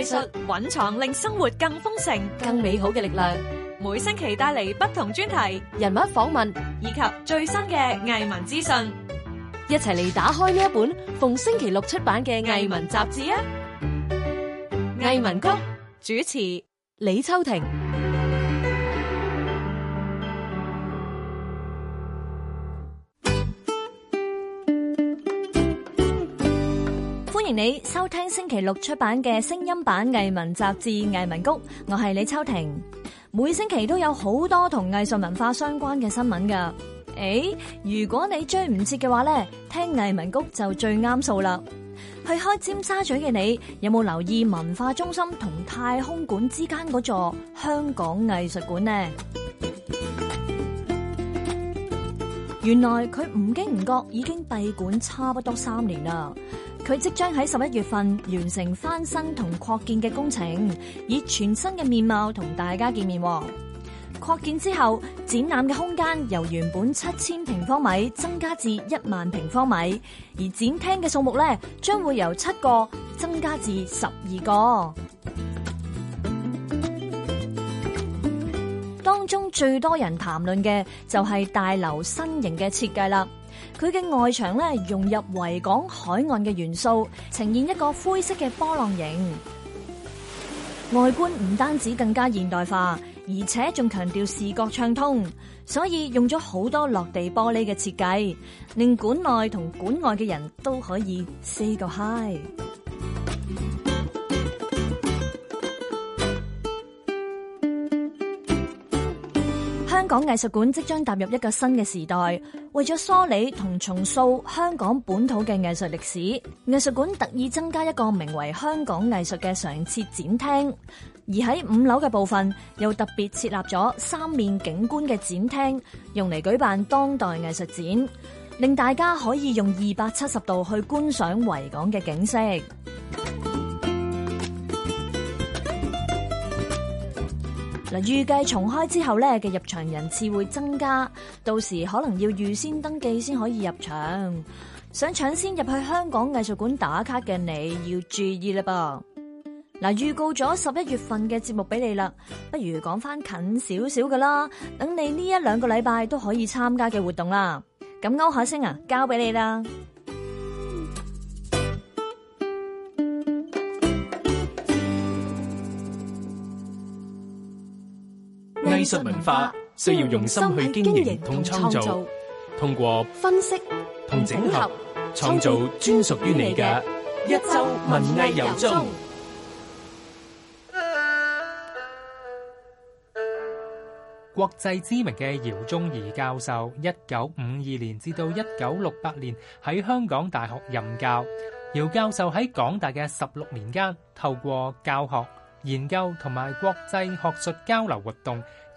藝術蘊藏令生活更豐盛、更美好嘅力量，每星期帶嚟不同專題、人物訪問以及最新嘅藝文資訊，一齊嚟打開呢一本逢星期六出版嘅藝文雜誌啊！藝文谷主持李秋婷。你收聽星期六出版嘅聲音版《藝文雜誌》《藝文谷》，我係李秋婷。每星期都有好多同藝術文化相關嘅新聞噶。誒、哎，如果你追唔切嘅話咧，聽藝文谷就最啱數啦。去開尖沙咀嘅你，有冇留意文化中心同太空館之間嗰座香港藝術館呢？原來佢唔經唔覺已經閉館差不多三年啦。佢即將喺十一月份完成翻新同擴建嘅工程，以全新嘅面貌同大家見面。擴建之後，展覽嘅空間由原本七千平方米增加至一萬平方米，而展廳嘅數目呢，將會由七個增加至十二個。當中最多人談論嘅就係大樓新型嘅設計啦。佢嘅外牆咧融入維港海岸嘅元素，呈現一個灰色嘅波浪形外觀。唔單止更加現代化，而且仲強調視覺暢通，所以用咗好多落地玻璃嘅設計，令館內同館外嘅人都可以 Say 個 Hi。香港藝術館即將踏入一個新嘅時代，為咗梳理同重塑香港本土嘅藝術歷史，藝術館特意增加一個名為《香港藝術》嘅常設展廳，而喺五樓嘅部分又特別設立咗三面景觀嘅展廳，用嚟舉辦當代藝術展，令大家可以用二百七十度去觀賞維港嘅景色。嗱，預計重開之後咧嘅入場人次會增加，到時可能要預先登記先可以入場。想搶先入去香港藝術館打卡嘅你要注意啦噃。嗱，預 告咗十一月份嘅節目俾你啦，不如講翻近少少噶啦，等你呢一兩個禮拜都可以參加嘅活動啦。咁勾下聲啊，交俾你啦。藝術文化需要用心去經營同創造，通過分析同整合，創造專屬於你嘅一周文藝遊蹤。國際知名嘅姚宗儀教授，一九五二年至到一九六八年喺香港大學任教。姚教授喺港大嘅十六年間，透過教學、研究同埋國際學術交流活動，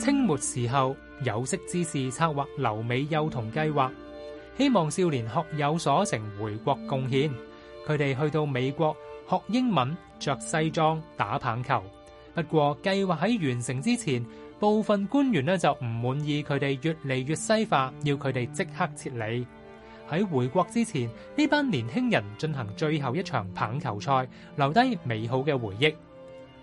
清末時候，有識之士策劃留美幼童計劃，希望少年學有所成，回國貢獻。佢哋去到美國學英文、着西裝、打棒球。不過，計劃喺完成之前，部分官員呢就唔滿意佢哋越嚟越西化，要佢哋即刻撤離。喺回國之前，呢班年輕人進行最後一場棒球賽，留低美好嘅回憶。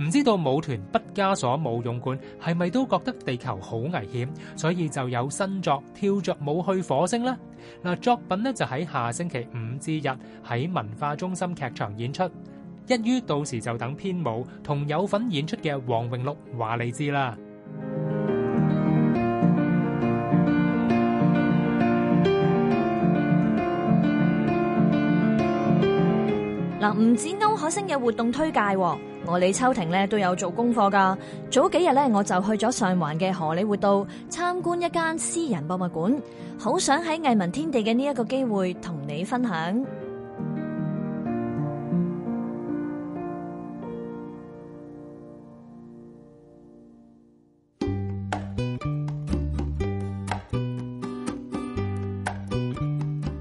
唔知道舞團畢加索舞用館係咪都覺得地球好危險，所以就有新作跳着舞去火星呢。嗱，作品呢就喺下星期五至日喺文化中心劇場演出。一於到時就等編舞同有份演出嘅黃榮祿話你知啦。嗱、嗯，唔止歐可星嘅活動推介、哦。我李秋婷咧都有做功課㗎，早幾日咧我就去咗上環嘅荷里活道參觀一間私人博物館，好想喺藝文天地嘅呢一個機會同你分享。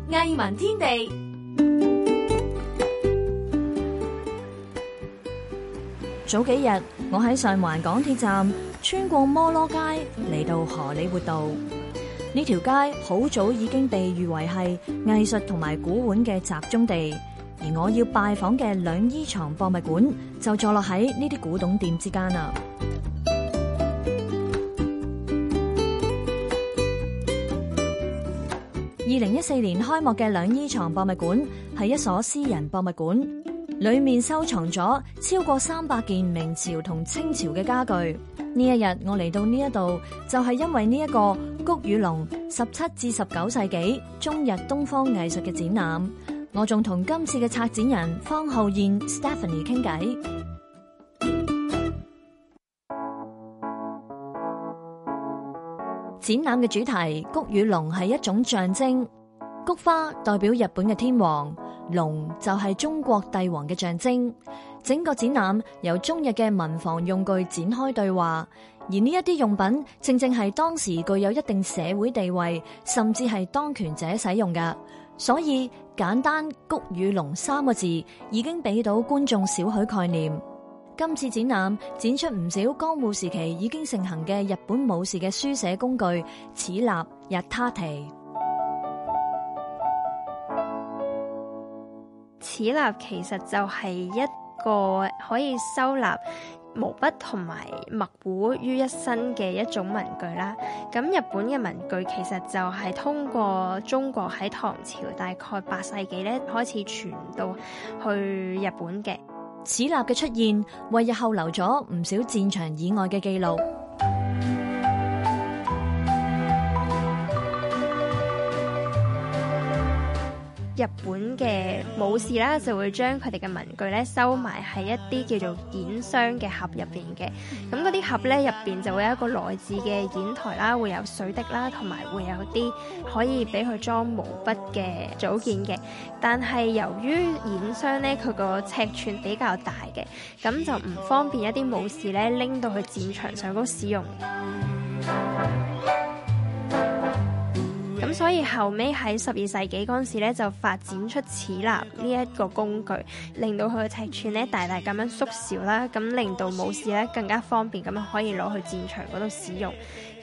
藝文天地。早幾日，我喺上環港鐵站穿過摩羅街嚟到荷里活道。呢條街好早已經被譽為係藝術同埋古玩嘅集中地，而我要拜訪嘅兩依藏博物館就坐落喺呢啲古董店之間啦。二零一四年開幕嘅兩依藏博物館係一所私人博物館。裏面收藏咗超過三百件明朝同清朝嘅家具。呢一日我嚟到呢一度，就係因為呢一個菊與龍十七至十九世紀中日東方藝術嘅展覽。我仲同今次嘅策展人方顥諺 Stephanie 傾偈。展覽嘅主題菊與龍係一種象徵，菊花代表日本嘅天皇。龍就係中國帝王嘅象徵，整個展覽由中日嘅文房用具展開對話，而呢一啲用品正正係當時具有一定社會地位，甚至係當權者使用嘅，所以簡單菊與龍三個字已經俾到觀眾少許概念。今次展覽展出唔少江戶時期已經盛行嘅日本武士嘅書寫工具，此立日他提。此立其實就係一個可以收納毛筆同埋墨壺於一身嘅一種文具啦。咁日本嘅文具其實就係通過中國喺唐朝大概八世紀咧開始傳到去日本嘅。此立嘅出現為日後留咗唔少戰場以外嘅記錄。日本嘅武士咧就會將佢哋嘅文具咧收埋喺一啲叫做硯箱嘅盒入邊嘅，咁嗰啲盒咧入邊就會有一個內置嘅硯台啦，會有水滴啦，同埋會有啲可以俾佢裝毛筆嘅組件嘅。但係由於硯箱咧佢個尺寸比較大嘅，咁就唔方便一啲武士咧拎到去戰場上嗰使用。咁所以後尾喺十二世紀嗰陣時咧，就發展出矢立呢一個工具，令到佢嘅尺寸咧大大咁樣縮小啦，咁令到武士咧更加方便咁樣可以攞去戰場嗰度使用。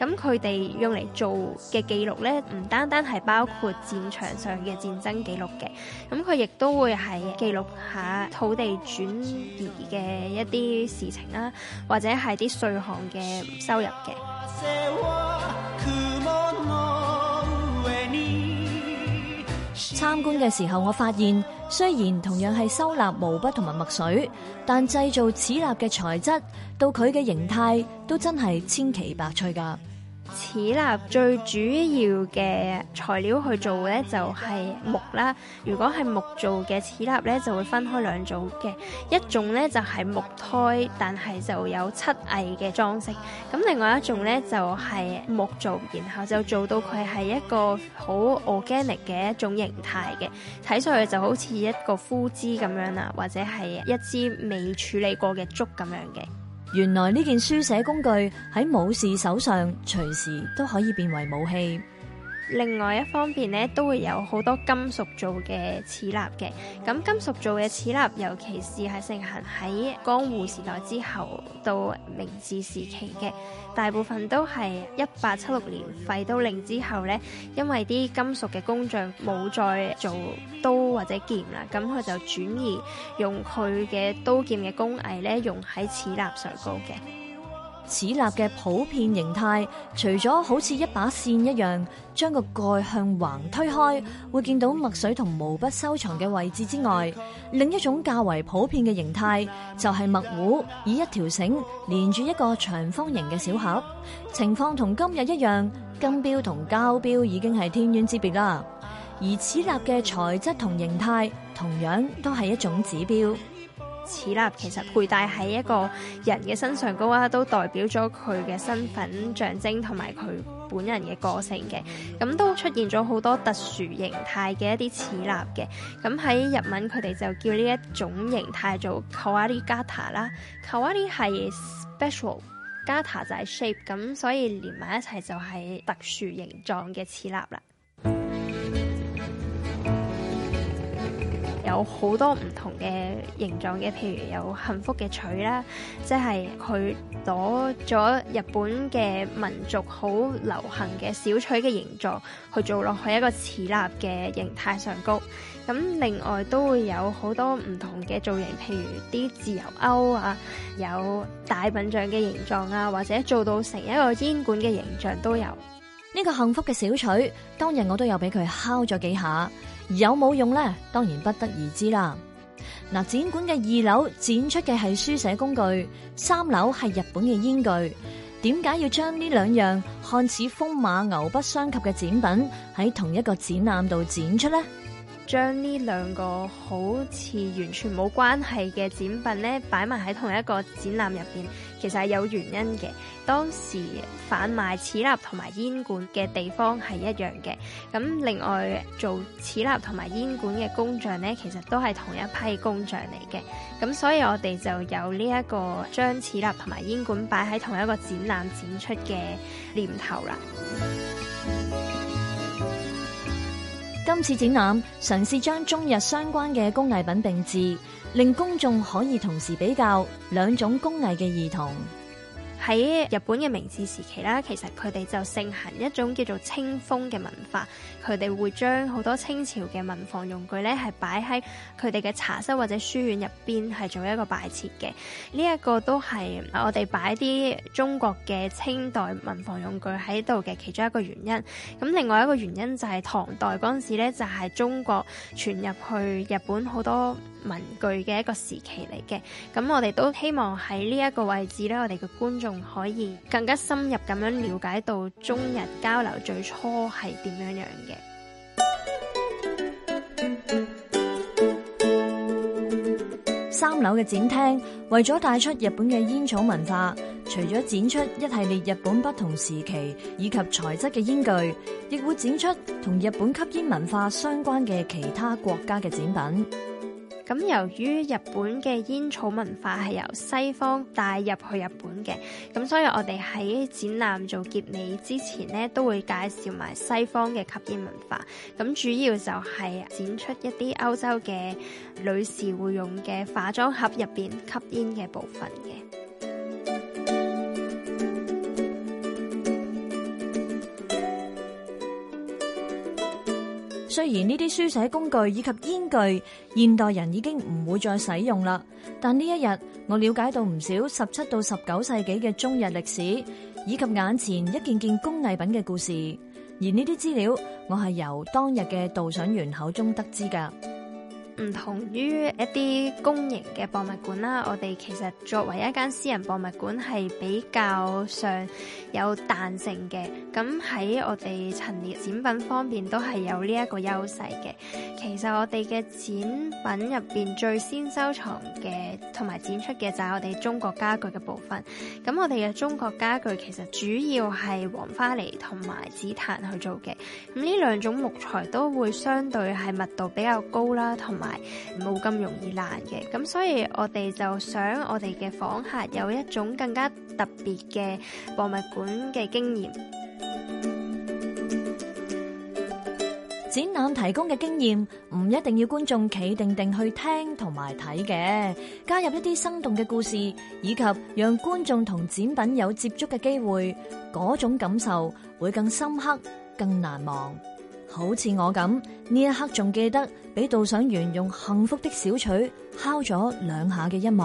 咁佢哋用嚟做嘅記錄咧，唔單單係包括戰場上嘅戰爭記錄嘅，咁佢亦都會係記錄下土地轉移嘅一啲事情啦，或者係啲稅項嘅收入嘅。參觀嘅時候，我發現雖然同樣係收納毛筆同埋墨水，但製造此立嘅材質到佢嘅形態，都真係千奇百趣㗎。此立最主要嘅材料去做呢，就係木啦。如果係木做嘅此立呢，就會分開兩種嘅。一種呢，就係木胎，但係就有漆藝嘅裝飾。咁另外一種呢，就係木做，然後就做到佢係一個好 organic 嘅一種形態嘅，睇上去就好似一個枯枝咁樣啦，或者係一支未處理過嘅竹咁樣嘅。原來呢件書寫工具喺武士手上，隨時都可以變為武器。另外一方面咧，都會有好多金屬做嘅齒臘嘅。咁金屬做嘅齒臘，尤其是係盛行喺江戶時代之後到明治時期嘅，大部分都係一八七六年廢刀令之後呢，因為啲金屬嘅工匠冇再做刀或者劍啦，咁佢就轉而用佢嘅刀劍嘅工藝咧，用喺齒臘上高嘅。此立嘅普遍形態，除咗好似一把扇一樣，將個蓋向橫推開，會見到墨水同毛筆收藏嘅位置之外，另一種較為普遍嘅形態就係墨壺，以一條繩連住一個長方形嘅小盒，情況同今日一樣，金標同膠標已經係天淵之別啦。而此立嘅材質同形態，同樣都係一種指標。此立其實佩戴喺一個人嘅身上高呀，都代表咗佢嘅身份象徵，同埋佢本人嘅個性嘅。咁都出現咗好多特殊形態嘅一啲此立嘅。咁喺日文，佢哋就叫呢一種形態做 kawari gata 啦。kawari 係 special，gata 就係 shape，咁所以連埋一齊就係特殊形狀嘅此立啦。有好多唔同嘅形狀嘅，譬如有幸福嘅槌啦，即係佢攞咗日本嘅民族好流行嘅小槌嘅形狀去做落去一個似立嘅形態上高。咁另外都會有好多唔同嘅造型，譬如啲自由勾啊，有大笨象嘅形狀啊，或者做到成一個煙管嘅形狀都有。呢個幸福嘅小槌，當日我都有俾佢敲咗幾下。有冇用呢？當然不得而知啦。嗱，展館嘅二樓展出嘅係書寫工具，三樓係日本嘅煙具。點解要將呢兩樣看似風馬牛不相及嘅展品喺同一個展覽度展出呢？將呢兩個好似完全冇關係嘅展品呢擺埋喺同一個展覽入邊，其實係有原因嘅。當時販賣此立同埋煙管嘅地方係一樣嘅，咁另外做此立同埋煙管嘅工匠呢，其實都係同一批工匠嚟嘅，咁所以我哋就有呢、這、一個將此立同埋煙管擺喺同一個展覽展出嘅念頭啦。今次展覽嘗試將中日相關嘅工藝品並置，令公眾可以同時比較兩種工藝嘅異同。喺日本嘅明治時期啦，其實佢哋就盛行一種叫做清風嘅文化。佢哋會將好多清朝嘅文房用具咧，係擺喺佢哋嘅茶室或者書院入邊，係做一個擺設嘅。呢、這個、一個都係我哋擺啲中國嘅清代文房用具喺度嘅其中一個原因。咁另外一個原因就係唐代嗰陣時咧，就係、是、中國傳入去日本好多文具嘅一個時期嚟嘅。咁我哋都希望喺呢一個位置咧，我哋嘅觀眾可以更加深入咁樣了解到中日交流最初係點樣樣嘅。三樓嘅展廳為咗帶出日本嘅煙草文化，除咗展出一系列日本不同時期以及材質嘅煙具，亦會展出同日本吸煙文化相關嘅其他國家嘅展品。咁由於日本嘅煙草文化係由西方帶入去日本嘅，咁所以我哋喺展覽做結尾之前呢，都會介紹埋西方嘅吸煙文化。咁主要就係展出一啲歐洲嘅女士會用嘅化妝盒入邊吸煙嘅部分嘅。雖然呢啲書寫工具以及煙具，現代人已經唔會再使用啦。但呢一日，我了解到唔少十七到十九世紀嘅中日歷史，以及眼前一件件工藝品嘅故事。而呢啲資料，我係由當日嘅導賞員口中得知噶。唔同於一啲公營嘅博物館啦，我哋其實作為一間私人博物館，係比較上有彈性嘅。咁喺我哋陳列展品方面，都係有呢一個優勢嘅。其實我哋嘅展品入邊最先收藏嘅同埋展出嘅就係我哋中國家具嘅部分。咁我哋嘅中國家具，其實主要係黃花梨同埋紫檀去做嘅。咁呢兩種木材都會相對係密度比較高啦，同埋冇咁容易爛嘅，咁所以我哋就想我哋嘅訪客有一種更加特別嘅博物館嘅經驗。展覽提供嘅經驗唔一定要觀眾企定定去聽同埋睇嘅，加入一啲生動嘅故事，以及讓觀眾同展品有接觸嘅機會，嗰種感受會更深刻、更難忘。好似我咁，呢一刻仲記得俾導賞員用幸福的小錘敲咗兩下嘅一幕。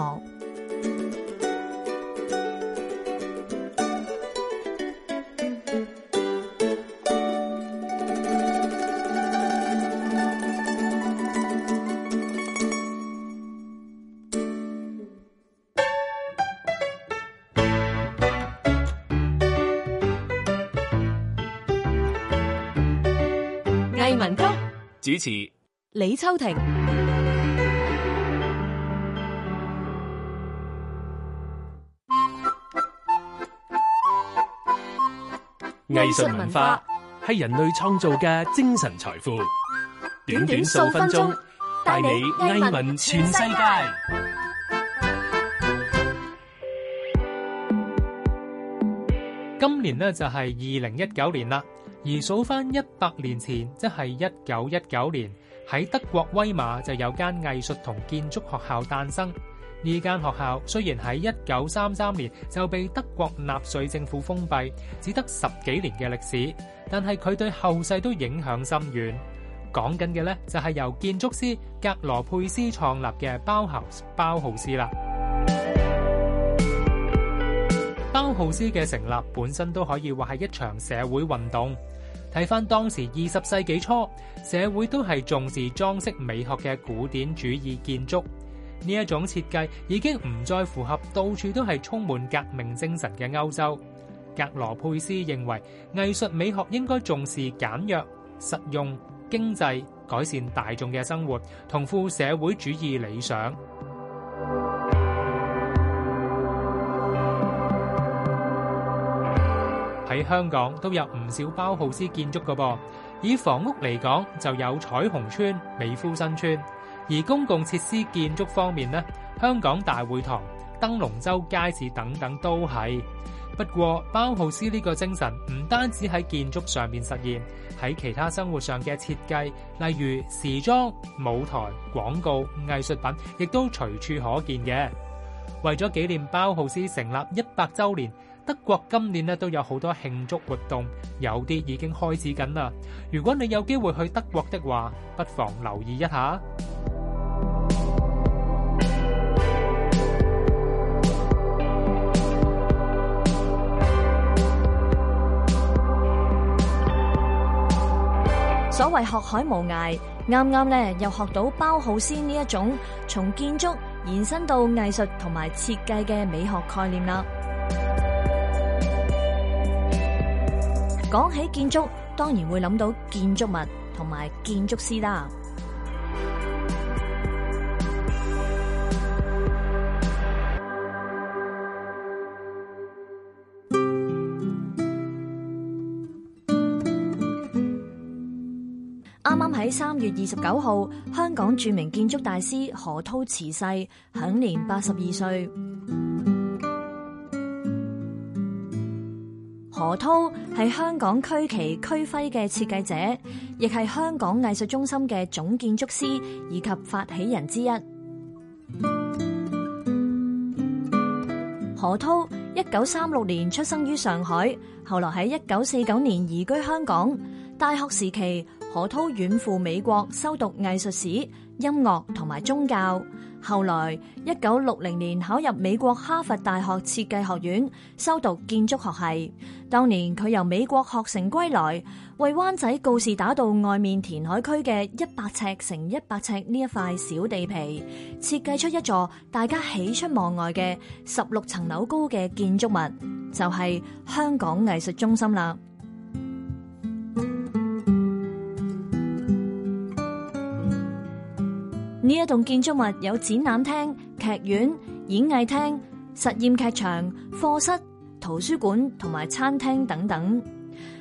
主持李秋婷。藝術文化係人類創造嘅精神財富。短短數分鐘，帶你藝文全世界。今年呢就係二零一九年啦。而數翻一百年前，即係一九一九年，喺德國威瑪就有間藝術同建築學校誕生。呢間學校雖然喺一九三三年就被德國納粹政府封閉，只得十幾年嘅歷史，但係佢對後世都影響深遠。講緊嘅呢，就係由建築師格羅佩斯創立嘅包豪斯包豪斯啦。包豪斯嘅成立本身都可以話係一場社會運動。睇翻當時二十世紀初，社會都係重視裝飾美學嘅古典主義建築，呢一種設計已經唔再符合到處都係充滿革命精神嘅歐洲。格羅佩斯認為藝術美學應該重視簡約、實用、經濟，改善大眾嘅生活同富社會主義理想。喺香港都有唔少包豪斯建築㗎噃，以房屋嚟講就有彩虹邨、美孚新村；而公共設施建築方面呢，香港大會堂、燈籠洲街市等等都係。不過包豪斯呢個精神唔單止喺建築上面實現，喺其他生活上嘅設計，例如時裝、舞台、廣告、藝術品，亦都隨處可見嘅。為咗紀念包豪斯成立一百週年，德國今年咧都有好多慶祝活動，有啲已經開始緊啦。如果你有機會去德國的話，不妨留意一下。所謂學海無涯，啱啱咧又學到包浩斯呢一種從建築延伸到藝術同埋設計嘅美學概念啦。講起建築，當然會諗到建築物同埋建築師啦。啱啱喺三月二十九號，香港著名建築大師何弢辭世，享年八十二歲。何弢係香港區旗區徽嘅設計者，亦係香港藝術中心嘅總建築師以及發起人之一。何弢一九三六年出生於上海，後來喺一九四九年移居香港。大學時期，何弢遠赴美國修讀藝術史、音樂同埋宗教。後來，一九六零年考入美國哈佛大學設計學院，修讀建築學系。當年佢由美國學成歸來，為灣仔告士打道外面填海區嘅一百尺乘一百尺呢一塊小地皮，設計出一座大家喜出望外嘅十六層樓高嘅建築物，就係、是、香港藝術中心啦。呢一棟建築物有展覽廳、劇院、演藝廳、實驗劇場、課室、圖書館同埋餐廳等等。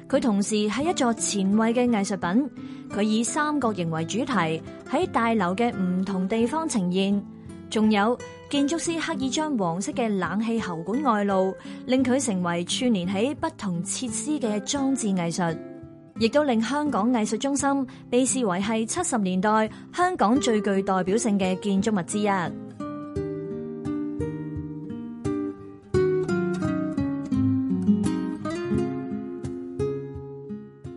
佢同時係一座前衛嘅藝術品。佢以三角形為主題，喺大樓嘅唔同地方呈現。仲有建築師刻意將黃色嘅冷氣喉管外露，令佢成為串聯起不同設施嘅裝置藝術。亦都令香港藝術中心被視為係七十年代香港最具代表性嘅建築物之一。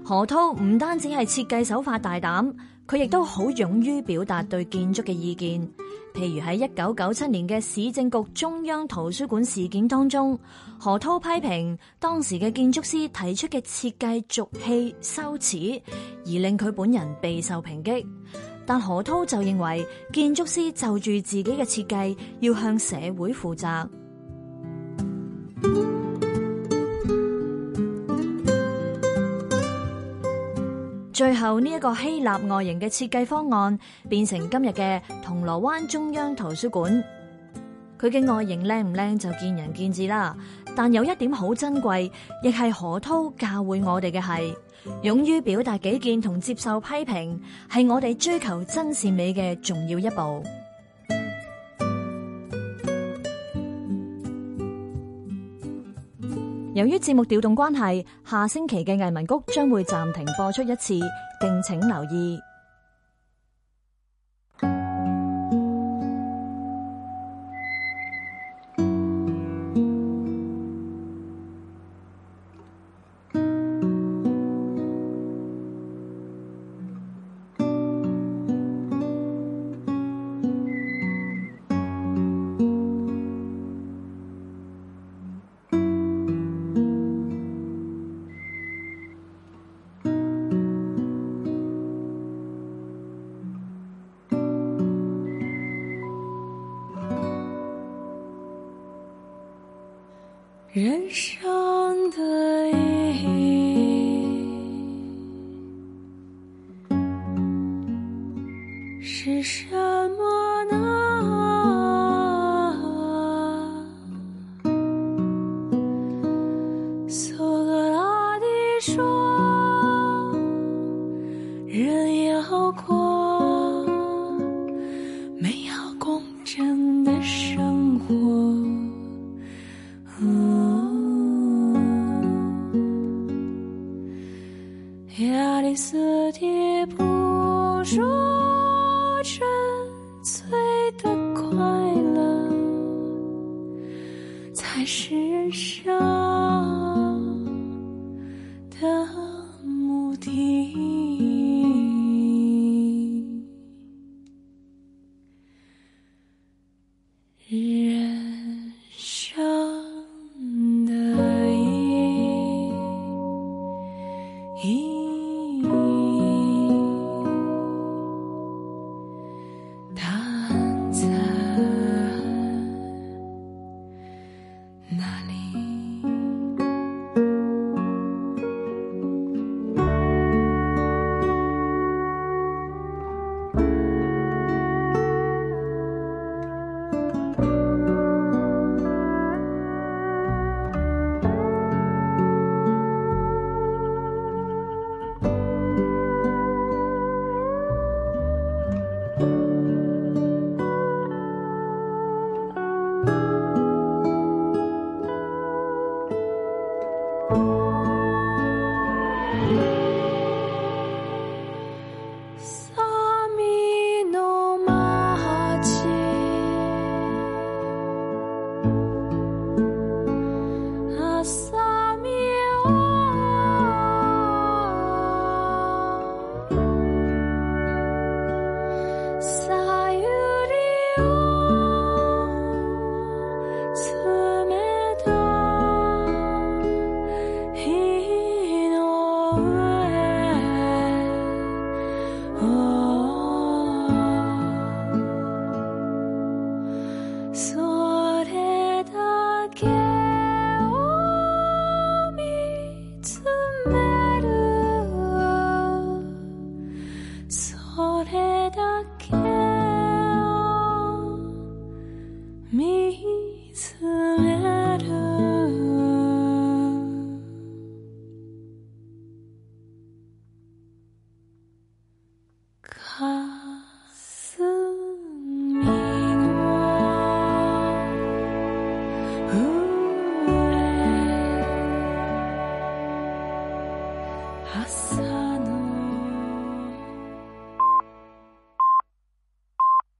何濤唔單止係設計手法大膽，佢亦都好勇於表達對建築嘅意見。譬如喺一九九七年嘅市政局中央圖書館事件當中，何濤批評當時嘅建築師提出嘅設計俗氣羞恥，而令佢本人備受抨擊。但何濤就認為建築師就住自己嘅設計要向社會負責。最後呢一個希臘外形嘅設計方案，變成今日嘅銅鑼灣中央圖書館。佢嘅外形靚唔靚就見仁見智啦。但有一點好珍貴，亦係何濤教會我哋嘅係，勇於表達己見同接受批評，係我哋追求真善美嘅重要一步。由於節目調動關係，下星期嘅藝文谷將會暫停播出一次，敬請留意。是什麼？